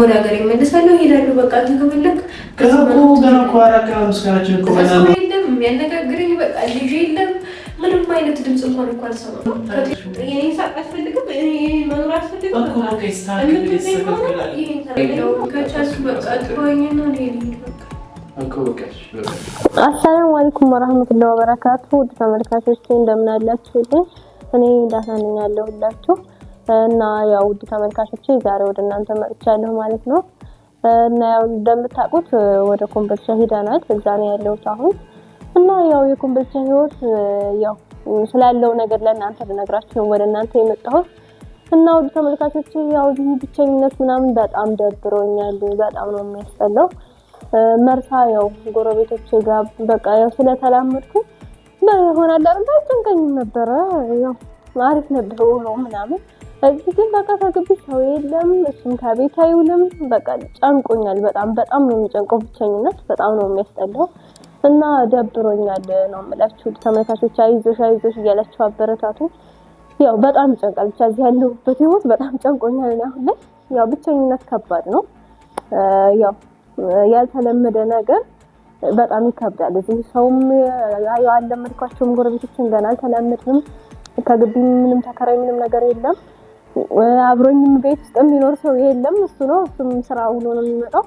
ወደ ሀገር ይመለሳለሁ ይሄዳሉ። በቃ አንተ ከፈለክ የሚያነጋግረኝ በቃ ልጅ የለም ምንም አይነት ድምፅ እንኳን እኮ አልሰማም። አሰላሙ አለይኩም ወራህመቱላሂ ወበረካቱ ውድ ተመልካቾቼ እንደምን አላችሁልኝ? እኔ ዳሳነኛለሁላችሁ እና ያው ውድ ተመልካቾቼ ዛሬ ወደ እናንተ መጥቻለሁ ማለት ነው። እና ያው እንደምታውቁት ወደ ኮምቦልቻ ሄደናል። እዛ ነው ያለሁት አሁን እና ያው የኮምቦልቻ ህይወት ያው ስላለው ነገር ለእናንተ ልነግራችሁ ወደ እናንተ የመጣሁት እና ውድ ተመልካቾች ያው ይህ ብቸኝነት ምናምን በጣም ደብሮኛል። በጣም ነው የሚያስጠላው። መርሳ ያው ጎረቤቶች ጋር በቃ ያው ስለተላመድኩ ይሆናል አይደል ጭንቀኝም ነበረ። ያው አሪፍ ነበር ነው ምናምን ከዚህ ግን በቃ ከግቢ ሰው የለም፣ እሱም ከቤት አይውልም። በቃ ጨንቆኛል። በጣም በጣም ነው የሚጨንቀው። ብቸኝነት በጣም ነው የሚያስጠላው እና ደብሮኛል ነው የምላችሁ ተመልካቾች። አይዞሽ አይዞሽ እያላችሁ አበረታቱ። ያው በጣም ይጨንቃል። ብቻ እዚህ ያለሁበት ህይወት በጣም ጨንቆኛል። ነው አሁን ላይ ያው ብቸኝነት ከባድ ነው። ያው ያልተለመደ ነገር በጣም ይከብዳል። እዚህ ሰውም ያለመድኳቸውም ጎረቤቶችን ገና አልተላመድንም። ከግቢ ምንም ተከራይ ምንም ነገር የለም። አብሮኝም ቤት ውስጥ የሚኖር ሰው የለም። እሱ ነው እሱም ስራ ውሎ ነው የሚመጣው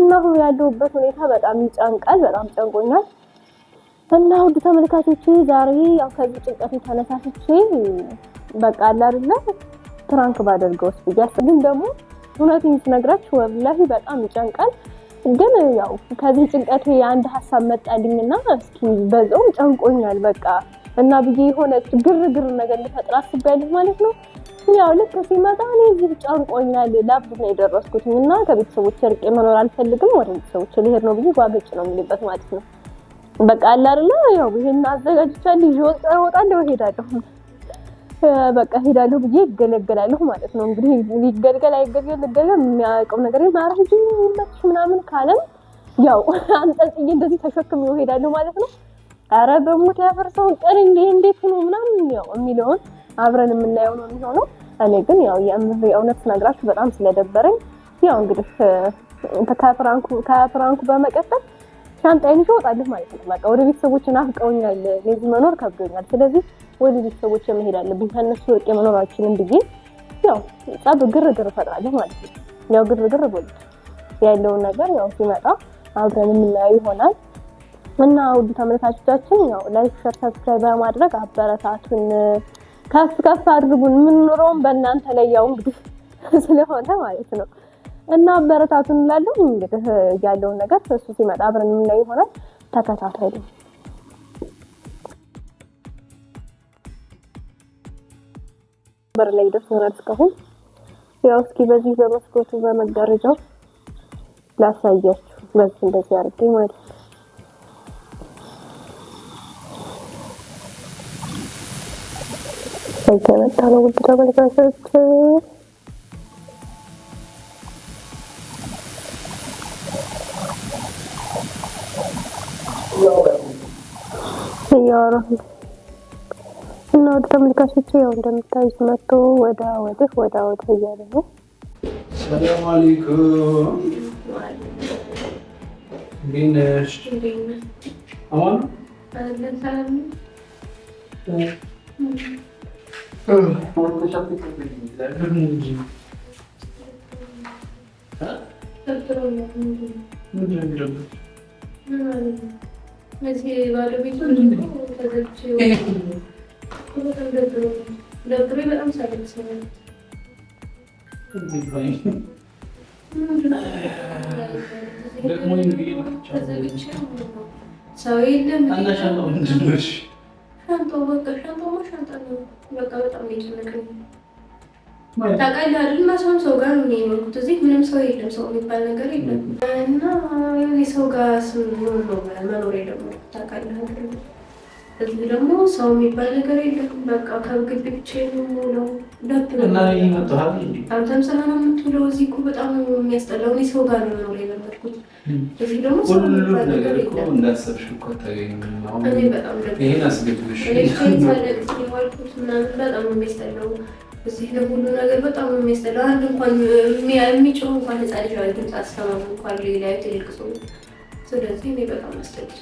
እና አሁን ያለሁበት ሁኔታ በጣም ይጨንቃል። በጣም ጨንቆኛል። እና ውድ ተመልካቾቼ ዛሬ ያው ከዚህ ጭንቀት ተነሳስቼ በቃ አለ አይደለ ፕራንክ ባደርገውስ ብያስ፣ ግን ደግሞ እውነቴን ስነግራችሁ ወላሂ በጣም ይጨንቃል። ግን ያው ከዚህ ጭንቀት የአንድ ሀሳብ መጣልኝና እስኪ በዛውም ጨንቆኛል በቃ እና ብዬ የሆነ ግርግር ነገር ልፈጥር አስቤያለሁ ማለት ነው ያው ልክ ሲመጣ እኔ እዚህ ጨንቆኛል ላብ ነው የደረስኩት እና ከቤተሰቦች ርቄ መኖር አልፈልግም፣ ወደ ቤተሰቦች ልሄድ ነው ብዬ ጓገጭ ነው የሚልበት ማለት ነው። በቃ አላርላ ያው ይሄን አዘጋጅቻለሁ ይዤ እወጣለሁ እሄዳለሁ በቃ ሄዳለሁ ብዬ ይገለገላለሁ ማለት ነው። እንግዲህ ይገልገል አይገልገል ልገልገል የሚያውቀው ነገር ማራ ሂጂ ይመች ምናምን ካለም ያው አንጠልጥዬ እንደዚህ ተሸክሜው ሄዳለሁ ማለት ነው። አረ በሞት ያፈርሰውን ቀን እንዴት ነው ምናምን ያው የሚለውን አብረን የምናየው ነው የሚሆነው። እኔ ግን ያው የእምር የእውነት ስነግራችሁ በጣም ስለደበረኝ ያው እንግዲህ ከፍራንኩ በመቀጠል ሻንጣዬን ይዤ እወጣለሁ ማለት ነው። በቃ ወደ ቤተሰቦች ናፍቀውኛል፣ እዚህ መኖር ከብዶኛል። ስለዚህ ወደ ቤተሰቦች መሄድ አለብኝ፣ ከእነሱ ርቄ መኖር አልችልም ብዬ ያው ጸብ፣ ግርግር እፈጥራለሁ ማለት ነው። ያው ግርግር ቦል ያለውን ነገር ያው ሲመጣ አብረን የምናየው ይሆናል እና ውድ ተመልካቾቻችን ያው ላይክ፣ ሸር፣ ሰብስክራይብ በማድረግ አበረታቱን። ከፍ ከፍ አድርጉን። የምንኖረውም በእናንተ ላይ ያው እንግዲህ ስለሆነ ማለት ነው እና አበረታቱን እንላለን። እንግዲህ ያለውን ነገር እሱ ሲመጣ አብረን የምናየው ይሆናል። ተከታተሉ። በር ላይ ደርሶ ይሆናል። እስካሁን ያው እስኪ በዚህ በመስኮቱ በመጋረጃው ላሳያችሁ። በዚህ እንደዚህ አድርጌ ማለት ነው እየመጣ ነው ውድ ተመልካቾች። እያወራሁ እና ውድ ተመልካቾች ያው እንደምታዩት መጥቶ ወዳ ወድህ ወዳ ወድህ እያለ ነው። ሰላም አለይኩም አማን ሰው የለም። ሻንጣው ምንድን ነው? ሻንጣው በቃ ሻንጣው በቃ በጣም እየጨነቀኝ ታውቃለህ አይደል? መቼም ሰው ጋር ነው የኖርኩት። እዚህ ምንም ሰው የለም፣ ሰው የሚባል ነገር የለም። እና ሰው ጋር ስንሆን ነው መኖር የለም። ታውቃለህ አይደል? እዚህ ደግሞ ሰው የሚባል ነገር የለም። በቃ ከግቢ ብቻዬን ነው አንተም ስራ ነው የምትውለው። እዚህ እኮ በጣም የሚያስጠላው እኔ ሰው ጋር ነው መኖር የለመድኩት። እዚህ ደግሞ ሰው የሚባል ነገር የለም። ቁርስ ምናምን በጣም የሚያስጠላው እዚህ ለሁሉ ነገር በጣም የሚያስጠላው አንድ እንኳን የሚጮህ እንኳን ህፃ ልጅ ድምፅ አሰማሙ እንኳን ሌላ ትልቅ ሰው ስለዚህ እኔ በጣም አስጠልች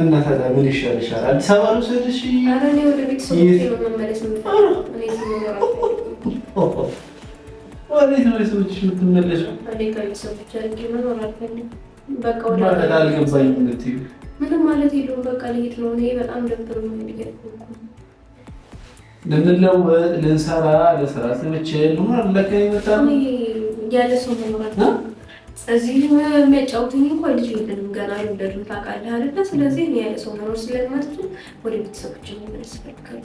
እና ታዲያ ምን ይሻልሻል? አዲስ አበባ ነው ስልሽ? ኧረ እኔ ወደ ቤተሰብ መመለስ ወዴት ነው የሰዎችሽ የምትመለሺው? ምንም ማለት የለውም። በቃ ልሂድ ነው እኔ በጣም ደብሮኝ ነው ልንለወጥ ልንሰራ ለስራ ስብቼ መኖር ለካ ይመጣል ያለ ሰው መኖር እዚህ የሚያጫውትኝ እኮ ልጅ የለንም ገና ይደርም ታውቃለህ አይደለ? ስለዚህ ያለ ሰው መኖር ስለማትችል ወደ ቤተሰቦች ነው እፈልጋለሁ።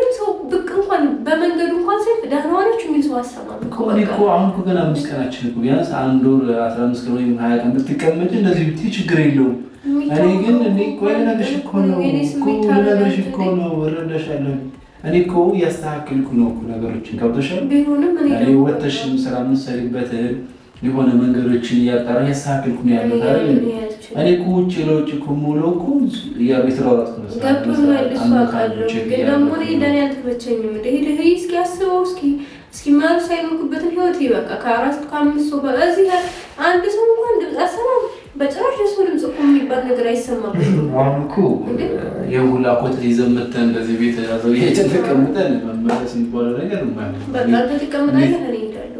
ሰው እኮ አሁን እኮ ገና አምስት ቀናችን እኮ ቢያንስ አንድ ወር አስራ አምስት ቀን ወይም ሀያ ቀን ብትቀመጭ እንደዚህ ብትይ ችግር የለውም። እኔ ግን እኔ እኮ ልነግርሽ እኮ ነው እኮ ልነግርሽ እኮ ነው እረዳሻለሁ። እኔ እኮ እያስተካከልኩ ነው እኮ ነገሮችን ከብቶሻል። እኔ ወተሽም ስራ የምትሰሪበትን የሆነ መንገዶችን እያጣራ ያስተካክልኩ ነው ያለው። እኔ እኮ ውጭ ለውጭ እኮ ሙሉ እኮ የተሯሯጥኩ ነው። ገብቶኛል፣ እሱ አውቃለሁ። ግን ደግሞ እኔ አልተመቸኝም። ሄደህ እስኪ አስበው እስኪ እስኪማሩ ሳይሞክበትን ህይወት ይበቃ። ከአራት ከአምስት ሰው በዚህ አንድ ሰው እንኳን ድምፅ አሰማም። በጭራሽ የሰው ድምፅ እኮ የሚባል ነገር አይሰማም። አሁን እኮ የሁላ ኮት ይዘመተን እንደዚህ ቤት ያዘው የተቀምጠን መመለስ የሚባለው ነገር በቃ ተቀምጠ ተቀምጣ ይሄዳለሁ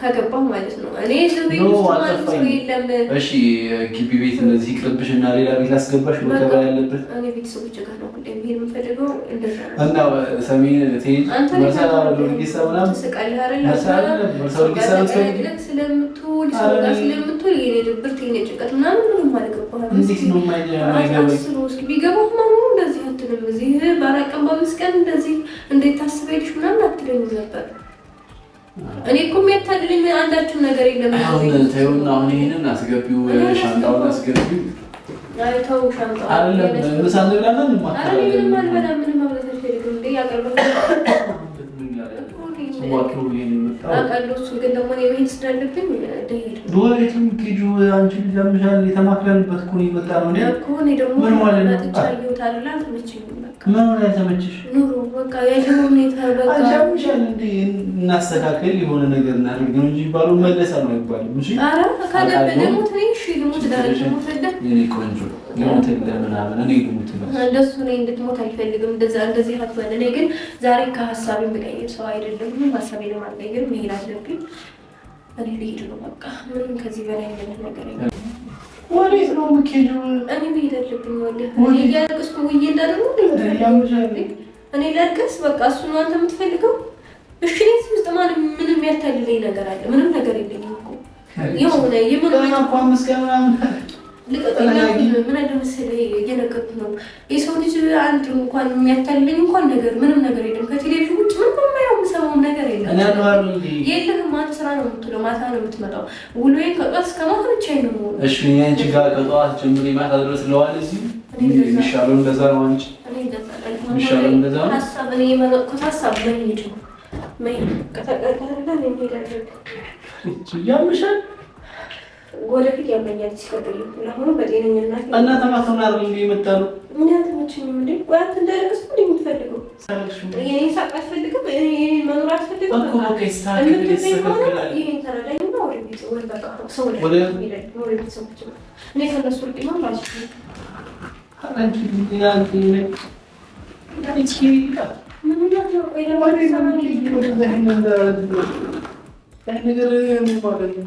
ከገባሁ ማለት ነው። እኔ ቤት የለም። እሺ ግቢ ቤት እነዚህ ይቅርብሽ እና ሌላ ቤት አስገባሽ መከበር ያለበት እኔ ቤተሰቦች ጋር ነው ሁሌ የሚሄድ የምፈልገው እና ሰሜን ስለምትውል ሰው ጋር ስለምትውል የኔ ድብርት የኔ ጭንቀት ምናምን ምንም አልገባህም። እስኪ ቢገባህ ማሙ እንደዚህ አትልም። እዚህ በአራት ቀን በአምስት ቀን እንደዚህ እንዴት ምናምን አትለኝም ነበር እኔ እኮ የሚያታድልኝ አንዳችም ነገር የለም። አሁን ተይውና፣ አሁን ይሄንን አስገቢው፣ ሻንጣውን አስገቢው። አይተው ሻንጣው አይደለም ምንም ምን ላይ ተመችሽ? ኑሮ በቃ ያለው ሁኔታ በቃ አጃምሻል። እንደ እናስተካከል የሆነ ነገር እናድርግ ነው እንጂ ባሉ መለሳ ነው አይባልም። እሺ ኧረ ካለብህ ደግሞ ትንሽ ልሙት ዳርሽ ሙትልህ የእኔ ቆንጆ ልሙትልህ ምናምን እኔ ልሙት ነው እንደሱ እኔ እንድትሞት አይፈልግም። እንደዛ እንደዚህ አትበል። እኔ ግን ዛሬ ከሀሳቤ የምቀይር ሰው አይደለም። ምንም ሀሳቤ ለማቀየር መሄድ አለብኝ። እኔ ልሄድ ነው በቃ ምንም ከዚህ በላይ ምንም ነገር ወዴት ነው የምትሄጂው? እኔ መሄድ አለብኝ። ወላሂ እያለቀስኩ ውዬ እንዳደረጉ እኔ ላልቀስ በቃ እሱ ነው አንተ የምትፈልገው። እሺ እዚህ ውስጥ ማንም ምንም ያታልለኝ ነገር አለ? ምንም ነገር የለኝም እኮ የሆነ ምን አለ መሰለህ እየነገርኩህ ነው የሰው ልጅ አንድ እንኳን የሚያታልለኝ እንኳን ነገር ምንም ነገር የለም ከቴሌቪዥን የምትሰማውም ነገር የለም። ማታ ስራ ነው የምትውለው፣ ማታ ነው የምትመጣው። ውሎዬ ከጠዋት እስከ ማታ ነው የምውለው። እሺ አንቺ ጋር ጀምሬ ማታ ድረስ ለዋል እዚህ የሚሻለው እንደዛ ነው። አንቺ የሚሻለው እንደዛ ነው። ያምሻል ወደፊት ያመኛል ሲፈጠል ለሆኑ በጤነኝና እና ተማሰና ነው እንዴ የምታሉ ምን ያተመችኝ እንዴ ጓት እንዳደረግስ እንዴ የምትፈልገው እኔ ሳቅ አትፈልግም እኔ መኖር አትፈልግም እኮ ይሳቅ ይሄን ወደ ቤት ወይ በቃ ሰው ወደ ወደ ሰው ብቻ እኔ ከነሱ ርቂ ማለት ነው አንቺ ዲናንቲ አንቺ ምን ወይ ነው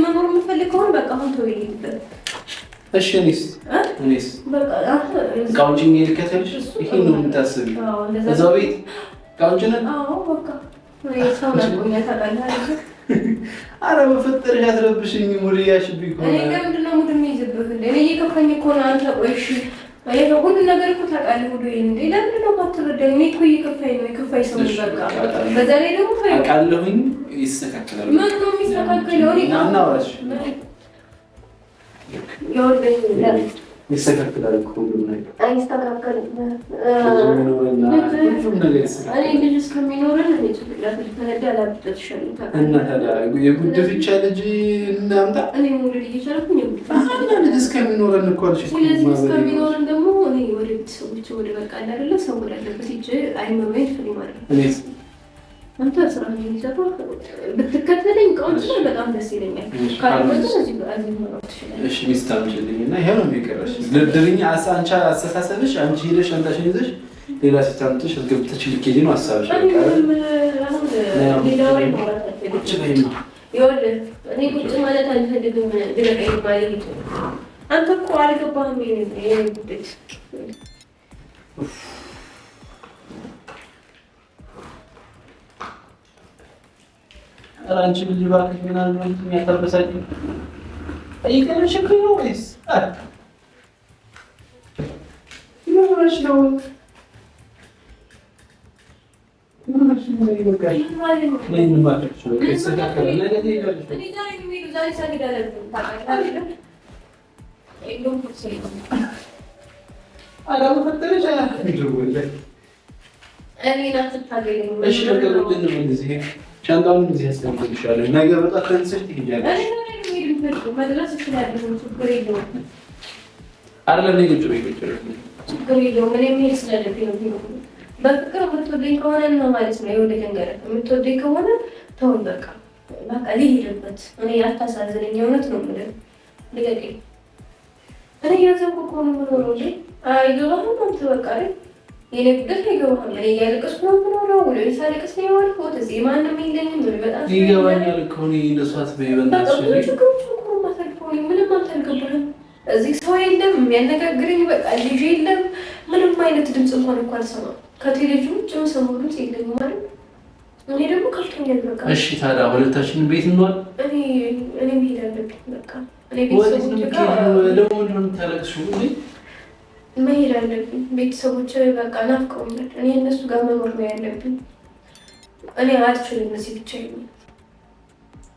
ከሆነ በቃ አሁን ተው ይሄድበት። እሺ እኔስ እኔስ ቃውንጭ የሚልከተልሽ ይሄ ነው የምታስብ እዛው ቤት ቃውንጭ ነን። በቃ ሰው ነቆኛ ታውቃለህ። አረ በፈጠረሽ ያትረብሽኝ ሙሪያሽ ያሽብኝ እኔ ለምንድን ነው ሙድ የሚይዝብህ? እኔ እየከፋኝ አንተ ቆይ አይ ሁሉ ነገር እኮ ታውቃለህ። ሁሉ እንዴ ለምን ነው ማትረዳኝ? እኔ እኮ እየከፋኝ ነው። የከፋኝ ሰው በቃ በዛ ላይ ደግሞ ታውቃለሁኝ። ይስተካከላል። ምን ነው የሚስተካከለው? እኔ ይስተካከላል እኮ ሁሉም ነገር አይስተካከልም። እኔ ልጅ እስከሚኖረን እኔ ጭንቅላት ልትነዳ ላብጠት ይሻለታል። የጉድፍቻ ልጅ እናምጣ። እኔ መውለድ እየቻልኩኝ የጉድፍ ልጅ እስከሚኖረን እኮ አልሽ። ስለዚህ እስከሚኖረን ደግሞ እኔ ወደ ቤተሰቦቼ ወደ በቃ እንዳደለ ሰው ወዳለበት ሂጅ። አይምሮዬን ፍሪ ማለት ነው። እኔስ አንተ ስራ ሚሰራ ብትከተለኝ ቀውጭ በጣም ደስ ይለኛል። እሺ ሚስት አምጪልኝ እና ይሄ ነው የሚቀረሽ። ድርድርኝ አንቺ አስተሳሰብሽ አንቺ ሄደሽ አንታሽን ይዘሽ ሌላ ሴት አምጥተሽ ልገብተሽ ልኬጂ ነው ሀሳብሽ። ቁጭ ነው ይኸውልህ እኔ ቁጭ ማለት አልፈልግም። ድረቀኝ ማለት አንተ እኮ አልገባህም። አንቺ ልጅ እባክሽ ምን አልሆንሽ? የሚያተርበሳጭ ነው ወይስ ምን ሆነሽ ነው? नहीं नंबर पे छोड़ कैसे क्या करना है नहीं नहीं नहीं मेरी गुजारिश है निकाल देना एकदम कुछ सही أنا مفتش أنا أنا نفس الحاجة إيش قبل إنه من زين كان داون من زين استمتع إن شاء الله هنا قبل أخذ سرتي جاب أنا أنا ميري فرقو ما درست في هذا المسكريدو أنا لم يجي تريد تريد مسكريدو من يميل سنة في በፍቅር የምትወደኝ ከሆነ ነው ማለት ነው። የወደድ ነገር የምትወደኝ ከሆነ ተውን፣ በቃ በቃ ልሂድበት። እኔ አታሳዝነኝ፣ የእውነት ነው የምልህ። ልቀቀኝ። እኔ እያዘንኩ እኮ ነው የምኖረው እንጂ አይገባህም። አንተ በቃ የኔ ጉዳት አይገባህም። እኔ እያለቀስኩ ነው የምኖረው። ውሎ ሳለቅስ ነው የዋልኩት። እዚህ ማንም የለኝም። በጣም ይገባኛል እኮ እኔ እንደሱ አትበይ። ምንም አልተልገባህም። እዚህ ሰው የለም የሚያነጋግረኝ። በቃ ልጅ የለም። ምንም አይነት ድምፅ እንኳን እኮ አልሰማም ከቴሌቪዥን ውጭ የምሰማው ድምፅ የለኝም ማለት እኔ ደግሞ ከፍቶኛል። በቃ እሺ፣ ታዲያ ሁለታችን ቤት እንዋል። እኔ እኔ መሄድ አለብኝ። በቃ መሄድ አለብኝ። ቤተሰቦች በቃ ናፍቀውኛል። እኔ እነሱ ጋር መኖር ነው ያለብኝ። እኔ አልችልም እዚህ ብቻ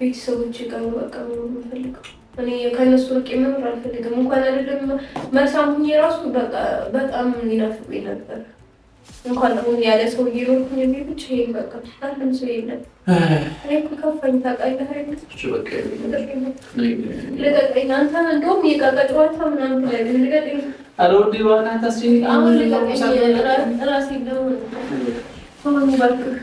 ቤተሰቦች ጋር ነው በቃ መኖር የምፈልገው። እኔ ከእነሱ ርቄ መኖር አልፈልግም። እንኳን አይደለም መርሳም የራሱ በጣም ይናፍቁኝ ነበር። እንኳን አሁን ያለ ሰው እየኖርኩኝ ብቻ ይሄን በቃ አንድም ሰው የለም። እኔ እኮ ከፋኝ ታውቃለህ አይደል? ልቀቀኝ አንተ እንደውም የቃቃ ጨዋታ ምናምን ትላለህ። ልቀቀኝ አሁን ልቀቀኝ ራሴ ደግሞ እባክህ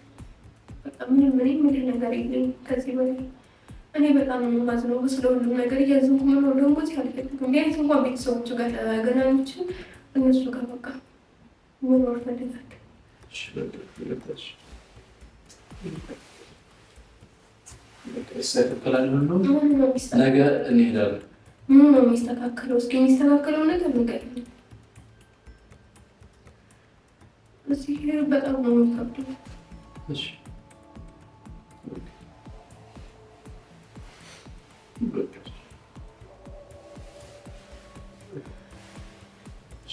ምንም እኔ ምልህ ነገር የለኝ ከዚህ በላይ እኔ በጣም የማዝነው ስለሁሉም ነገር እያዘንኩ መኖር ደግሞ እዚህ አልፈልግም። ቢያንስ እንኳን ቤተሰቦቹ ጋር ተገናኝቼ እነሱ ጋር በቃ መኖር ፈልጋለሁ። ነገ እንሄዳለን። ምን ነው የሚስተካከለው? እስኪ የሚስተካከለው ነገር ንገር። እዚህ በጣም ነው የሚከብደው።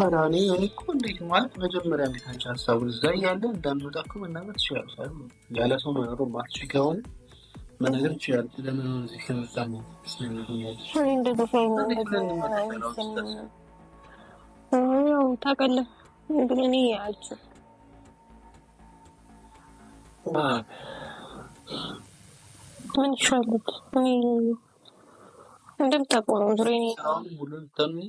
ፈራ እኔ እኮ እንዴት ማለት መጀመሪያ ቤታቸው ሀሳቡ እዛ እያለ እንዳንወጣ እኮ መናገር ትችላለሽ። ያለ ሰው መኖሩ ማትች ከሆነ መናገር ትችላለሽ። ለምን እዚህ ከመጣ ነው ታውቃለህ። ግን እኔ አልችል ምን ይሻሉት እንደምታውቀው ዙሬ ሁሉ ልታምን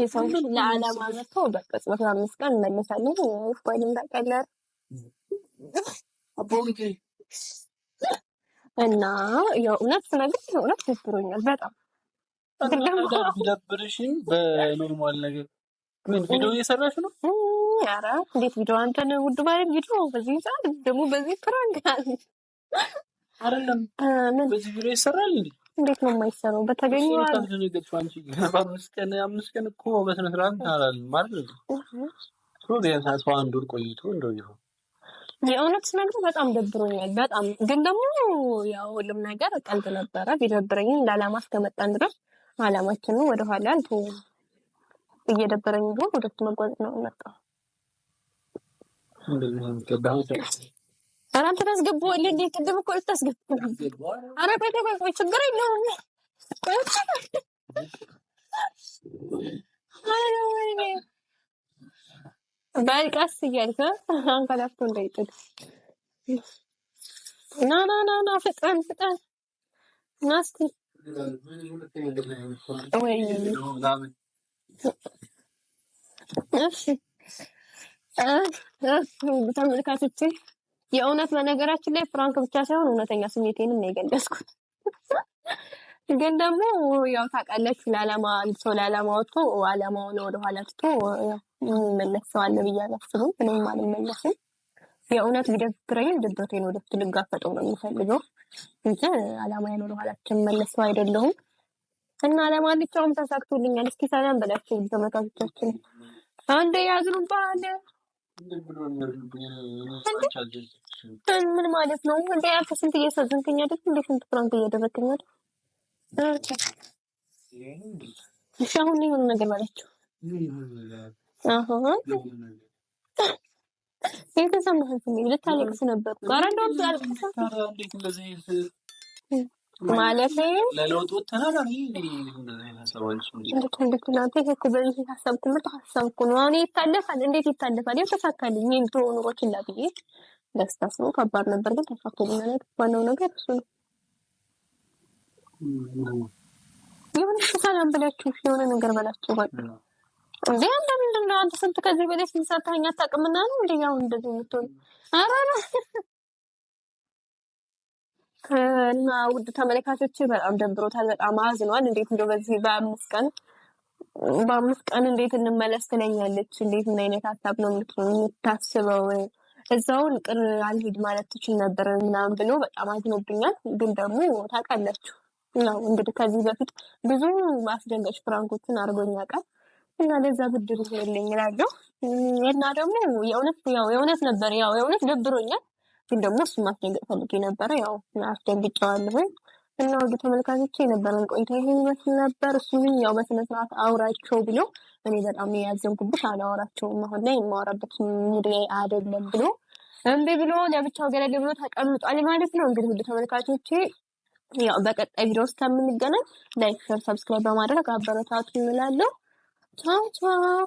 የሰው ልጅ ለዓላማ መጥተው በቃ አምስት ቀን እመለሳለሁ ታውቃለህ እና የእውነት ስነግርህ የእውነት ደብሮኛል በጣም ቢደብርሽኝ በኖርማል ነገር ምን ቪዲዮ እየሰራሽ ነው? ኧረ እንዴት ቪዲዮ አንተን ውድ ቪዲዮ በዚህ ሰዓት ደግሞ በዚህ ፕራንክ አለ አይደለም። በዚህ ቪዲዮ ይሰራል እንዴ? እንዴት ነው የማይሰሩ? በተገኘ አምስት ቀን አምስት ቀን እኮ በስነ ስርዓት ታላል ማለት ነው። ቢያንስ አንድ ወር ቆይቶ እንደ የእውነት ስነግርህ በጣም ደብሮኛል። በጣም ግን ደግሞ ያው ሁሉም ነገር ቀልድ ነበረ። ቢደብረኝም ለዓላማ እስከመጣን ድረስ ዓላማችንን ወደኋላ አልተውም። እየደበረኝ ቢሆን ወደፊት መጓዝ ነው መጣ ኧረ አንተ ታስገባዋለህ እንዴ? ቅድም እኮ ልታስገባው። ኧረ ቆይ ቆይ ቆይ፣ ችግር የለውም። በል ቀስ እያልክ አንቀላፍቶ እንዳይጥል። ና ና ና ና፣ ፍጠን ፍጠን ና እስኪ። ወይ እሺ ተመልካቾቼ የእውነት በነገራችን ላይ ፍራንክ ብቻ ሳይሆን እውነተኛ ስሜቴንም ነው የገለጽኩት። ግን ደግሞ ያው ታውቃለች፣ ለዓላማ ሰው ለዓላማ ወጥቶ ዓላማውን ወደኋላ ትቶ መለሰዋለ ሰው አለ ብዬ አላስብም። ምንም አልመለስም። የእውነት ቢደብረኝም ድብርቴን ወደፊት ልጋፈጠው ነው የሚፈልገው እንጂ ዓላማዬን ወደኋላ ትመለስ ሰው አይደለሁም። እና ለማንኛውም ተሳክቶልኛል። እስኪ ሰላም በላቸው ተመልካቾቻችን። አንዴ ያዝኑባል። ምን ማለት ነው? እንደ ያልከ ስንት እየሳዘንከኝ አይደል? እንደ ስንት ፍራንክ እያደረግከኝ አይደል? እሺ አሁን የሆነ ነገር በላቸው። የተሰማህን ስሜት ልታለቅስ ነበር። ኧረ እንደውም አልቅሳ ማለት ተናጋሪ ልክናንተ ህኩ በዚህ ደስታ ስሙ ከባድ ነበር፣ ግን ተሳክቶልኛል። ዋናው ነገር እሱ ነው። የሆነ ሰላም ብላችሁ የሆነ ነገር በላችሁ እንዴ አንተ ምንድን ነው አንተ ስንት ከዚህ በላይ አታውቅምና ነው ያው እንደዚህ የምትሆን እና ውድ ተመልካቾች በጣም ደብሮታል፣ በጣም አዝኗል። እንዴት እንደው በዚህ በአምስት ቀን በአምስት ቀን እንዴት እንመለስ ትለኛለች። እንዴት ምን አይነት ሀሳብ ነው የምታስበው? እዛውን ቅር አልሄድ ማለት ትችል ነበር ምናምን ብሎ በጣም አዝኖብኛል። ግን ደግሞ ታውቃላችሁ ነው እንግዲህ ከዚህ በፊት ብዙ ማስደንገጭ ፍራንኮችን አድርጎኝ ያውቃል እና ለዛ ብድር ይሆንልኝ እላለሁ እና ደግሞ የእውነት ያው የእውነት ነበር ያው የእውነት ደብሮኛል ግን ደግሞ እሱ ማስደንገጥ ፈልጌ ነበረ። ያው አስደንግጫዋለሁኝ እና ወደ ተመልካቾች የነበረን ቆይታ ይሄን ይመስል ነበር። እሱንም ያው በስነስርዓት አውራቸው ብሎ እኔ በጣም ያዘንኩብሽ አላወራቸውም አሁን ላይ የማወራበት ሙድ ላይ አይደለም ብሎ እምቢ ብሎ ለብቻው ገለል ብሎ ተቀምጧል ማለት ነው። እንግዲህ ወደ ተመልካቾቼ ያው በቀጣይ ቪዲዮ ውስጥ ከምንገናኝ ላይክ፣ ሸር፣ ሰብስክራይብ በማድረግ አበረታቱ እንላለሁ። ቻው ቻው።